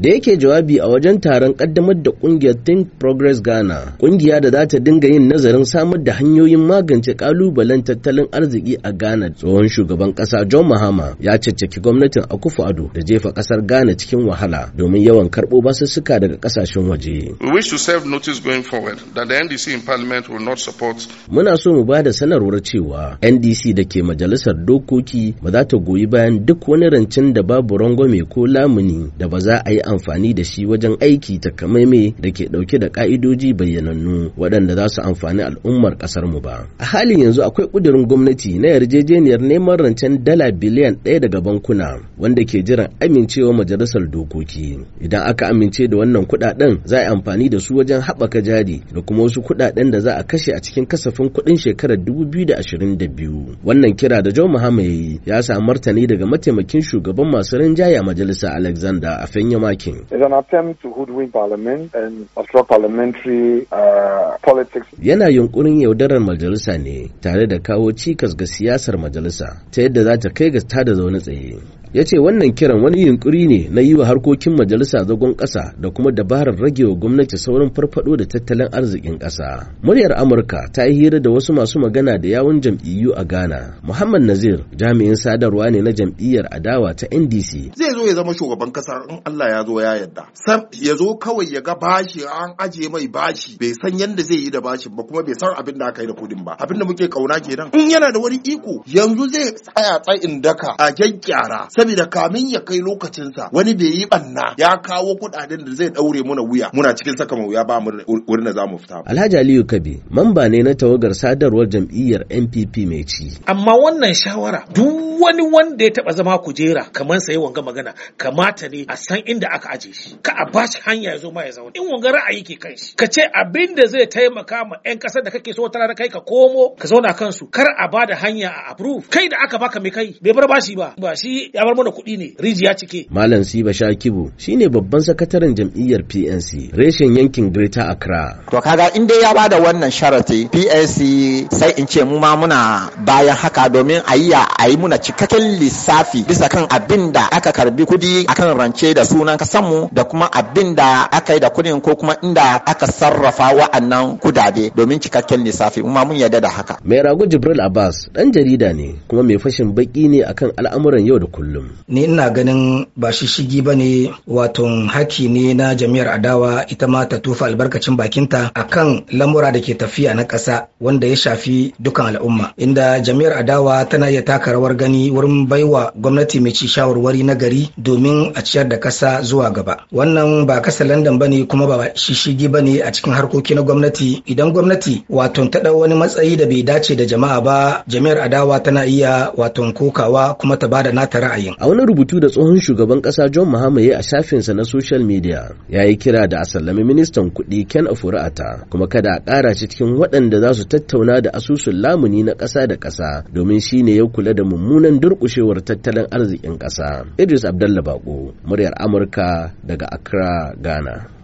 da yake jawabi a wajen taron kaddamar da kungiyar Think Progress Ghana, kungiya da za ta dinga yin nazarin samar da hanyoyin magance kalubalen tattalin arziki a Ghana. Tsohon shugaban kasa John Mahama ya caccaki gwamnatin akufo ado da jefa kasar Ghana cikin wahala domin yawan karbo suka daga kasashen waje. We wish to serve notice going forward that the NDC in parliament will not support. Muna so mu ba da sanarwar cewa NDC da ke majalisar dokoki ba za ta goyi bayan duk wani rancen da babu rangwame ko lamuni da ba za a yi amfani da shi wajen aiki takamaimai da ke dauke da ka'idoji bayyanannu waɗanda za su amfani al'ummar ƙasar mu ba. A halin yanzu akwai ƙudurin gwamnati na yarjejeniyar neman rancen dala biliyan ɗaya daga bankuna wanda ke jiran amincewa majalisar dokoki. Idan aka amince da wannan kuɗaɗen za a yi amfani da su wajen haɓaka jari da kuma wasu kuɗaɗen da za a kashe a cikin kasafin kuɗin shekarar 2022. Wannan kira da jau Muhammad ya yi ya samu martani daga mataimakin shugaban masu rinjaya a majalisa Alexander a Afeanyama and uh, politics Yana yunkurin yaudarar majalisa ne tare da kawo cikas ga siyasar majalisa ta yadda za ta kai ga tada zaune tsaye. ya ce wannan kiran wani yunkuri ne na yi wa harkokin majalisa zagon ƙasa da kuma dabarar ragewa gwamnati saurin farfado da tattalin arzikin ƙasa. Muryar Amurka ta yi hira da wasu masu magana da yawun jam'iyyu a Ghana. Muhammad Nazir jami'in sadarwa ne na jam'iyyar adawa ta NDC. Zai zo ya zama shugaban ƙasa in Allah ya zo ya yadda san ya zo kawai ya ga bashi an aje mai bashi bai san yadda zai yi da bashin ba kuma bai san abin da aka yi da kudin ba abin da muke kauna kenan in yana da wani iko yanzu zai tsaya tsayin daka a gyaggyara saboda kamin ya kai lokacinsa wani bai yi banna ya kawo kudaden da zai daure muna wuya muna cikin saka wuya ba mu wurin da zamu fita Alhaji Aliyu Kabe mamba ne na tawagar sadarwar jam'iyyar NPP mai ci amma wannan shawara duk wani wanda ya taba zama kujera kamar sai wanga magana kamata ne a san inda aka aje shi ka a bashi hanya ya zo ma ya zauna in wanga ra'ayi ke kan shi ka ce abin da zai taimaka ma yan kasar da kake so wata rana kai ka komo ka zauna kansu kar a ba da hanya a approve kai da aka baka mai kai bai bar bashi ba ba shi ya bar mana kuɗi ne rijiya cike malam siba shakibu shine babban sakataren jam'iyyar PNC reshen yankin Greater Accra to kaga in dai ya bada wannan sharati PNC sai in ce mu ma muna bayan haka domin a yi a yi muna cikakken lissafi bisa kan abin da aka karbi kuɗi akan rance da sunan kasanmu da kuma abin da aka yi da kudin ko kuma inda aka sarrafa wa'annan kudade domin cikakken lissafi kuma mun yarda da haka. Mai rago Jibril Abbas dan jarida ne kuma mai fashin baki ne akan al'amuran yau da kullum. Ni ina ganin ba shishigi ba ne wato haki ne na jami'ar adawa ita ma ta tufa albarkacin bakinta akan lamura da ke tafiya na ƙasa wanda ya shafi dukan al'umma inda jami'ar adawa tana iya taka rawar gani wurin baiwa gwamnati mai ci shawarwari na gari domin a ciyar da ƙasa zuwa zuwa gaba wannan ba kasa landan bane kuma ba shishigi bane a cikin harkoki na gwamnati idan gwamnati wato ta dau wani matsayi da bai dace da jama'a ba jami'ar adawa tana iya wato kokawa kuma ta bada nata ra'ayin a wani rubutu da tsohon shugaban kasa John Mahama ya a shafin sa na social media ya yi kira da a sallami ministan kuɗi Ken Ofuri'ata kuma kada a ƙara shi cikin waɗanda za su tattauna da asusun lamuni na ƙasa da ƙasa domin shi ne ya kula da mummunan durƙushewar tattalin arzikin ƙasa. Idris Abdallah Bako, muryar Amurka daga accra ghana